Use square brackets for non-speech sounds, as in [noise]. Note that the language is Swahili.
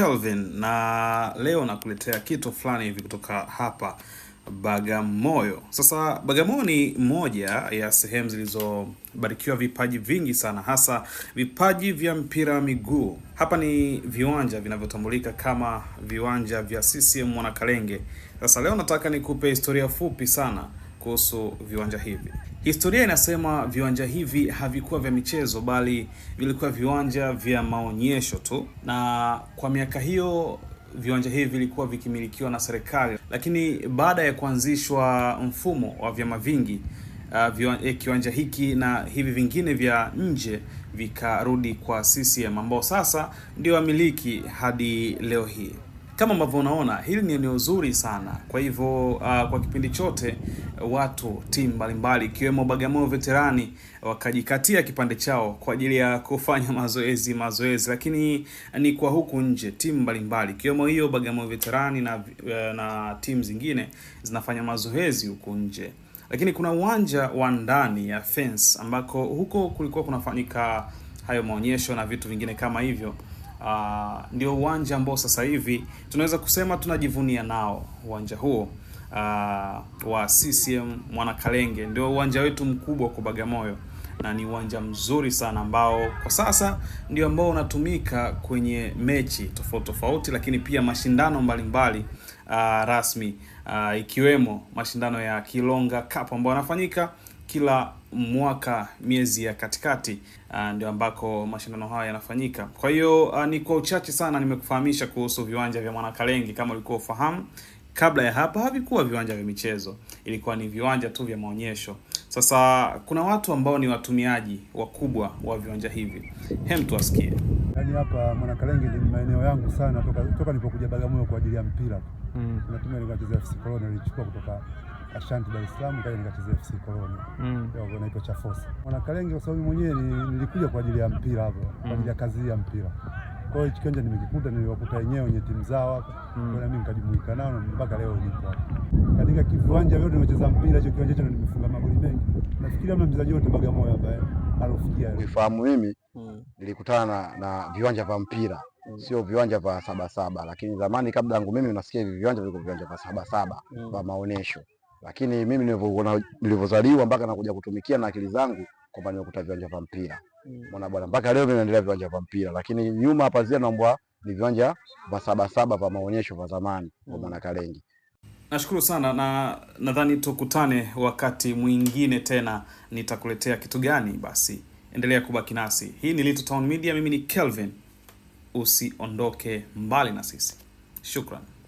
Kelvin na leo nakuletea kitu fulani hivi kutoka hapa Bagamoyo. Sasa Bagamoyo ni moja ya sehemu zilizobarikiwa vipaji vingi sana, hasa vipaji vya mpira wa miguu. Hapa ni viwanja vinavyotambulika kama viwanja vya CCM Mwanakalenge. Sasa leo nataka nikupe historia fupi sana kuhusu viwanja hivi. Historia inasema viwanja hivi havikuwa vya michezo bali vilikuwa viwanja vya maonyesho tu, na kwa miaka hiyo viwanja hivi vilikuwa vikimilikiwa na serikali, lakini baada ya kuanzishwa mfumo wa vyama vingi Uh, viwanja, eh, kiwanja hiki na hivi vingine vya nje vikarudi kwa CCM ambao sasa ndio wamiliki hadi leo hii kama ambavyo unaona hili ni eneo zuri sana. Kwa hivyo uh, kwa kipindi chote watu timu mbalimbali ikiwemo Bagamoyo Veterani wakajikatia kipande chao kwa ajili ya kufanya [laughs] mazoezi mazoezi, lakini ni kwa huku nje timu mbalimbali ikiwemo hiyo Bagamoyo Veterani na, eh, na timu zingine zinafanya mazoezi huku nje, lakini kuna uwanja wa ndani ya fence ambako huko kulikuwa kunafanyika hayo maonyesho na vitu vingine kama hivyo uh, ndio uwanja ambao sasa hivi tunaweza kusema tunajivunia nao uwanja huo uh, wa CCM Mwanakalenge, ndio uwanja wetu mkubwa kwa Bagamoyo na ni uwanja mzuri sana ambao kwa sasa ndio ambao unatumika kwenye mechi tofauti tofauti, lakini pia mashindano mbalimbali mbali, uh, rasmi uh, ikiwemo mashindano ya Kilonga Cup ambayo yanafanyika kila mwaka miezi ya katikati uh, ndio ambako mashindano haya yanafanyika. Kwa hiyo uh, ni kwa uchache sana nimekufahamisha kuhusu viwanja vya Mwanakalengi. Kama ulikuwa ufahamu, kabla ya hapa havikuwa viwanja vya michezo, ilikuwa ni viwanja tu vya maonyesho. Sasa kuna watu ambao ni watumiaji wakubwa wa viwanja hivi, hem, tuwasikie. Yaani hapa Mwanakalengi ni maeneo yangu sana toka, toka nilipokuja Bagamoyo kwa ajili ya mpira mm. natumia nilichukua kutoka Ashanti Dar es Salaam kaja nikachezea FC Koloni mm. naitwa Chafosa Kalenge kwa sababu mwenyewe nilikuja kwa ajili ya mpira hapo mm. kwa ajili ya mm. kazi ya mpira kwa hiyo hichi kiwanja nimekikuta, niliwakuta wenyewe wenye timu zao hapo mm. nami nikajumuika nao na mpaka leo nipo hapo. Katika kiwanja vyote nimecheza mpira, hicho kiwanja hicho nimefunga magoli mengi, nafikiri amna mchezaji wote Bagamoyo ambaye eh, alofikia nifahamu mimi mm. nilikutana na viwanja vya mpira mm. sio viwanja vya sabasaba, lakini zamani kabla yangu mimi nasikia hivi viwanja vilikuwa viwanja vya sabasaba mm. vya mm. maonesho lakini mimi nilivyozaliwa mpaka nakuja kutumikia na akili zangu kwamba nimekuta viwanja vya mpira mwana mm. bwana, mpaka leo mimi naendelea viwanja vya mpira, lakini nyuma hapa zia naomba ni viwanja vya Sabasaba vya maonyesho vya zamani kwa mwana mm. Kalengi. Nashukuru sana na nadhani tukutane wakati mwingine tena, nitakuletea kitu gani. Basi endelea kubaki nasi. Hii ni Little Town Media, mimi ni Kelvin. Usiondoke mbali na sisi, shukran.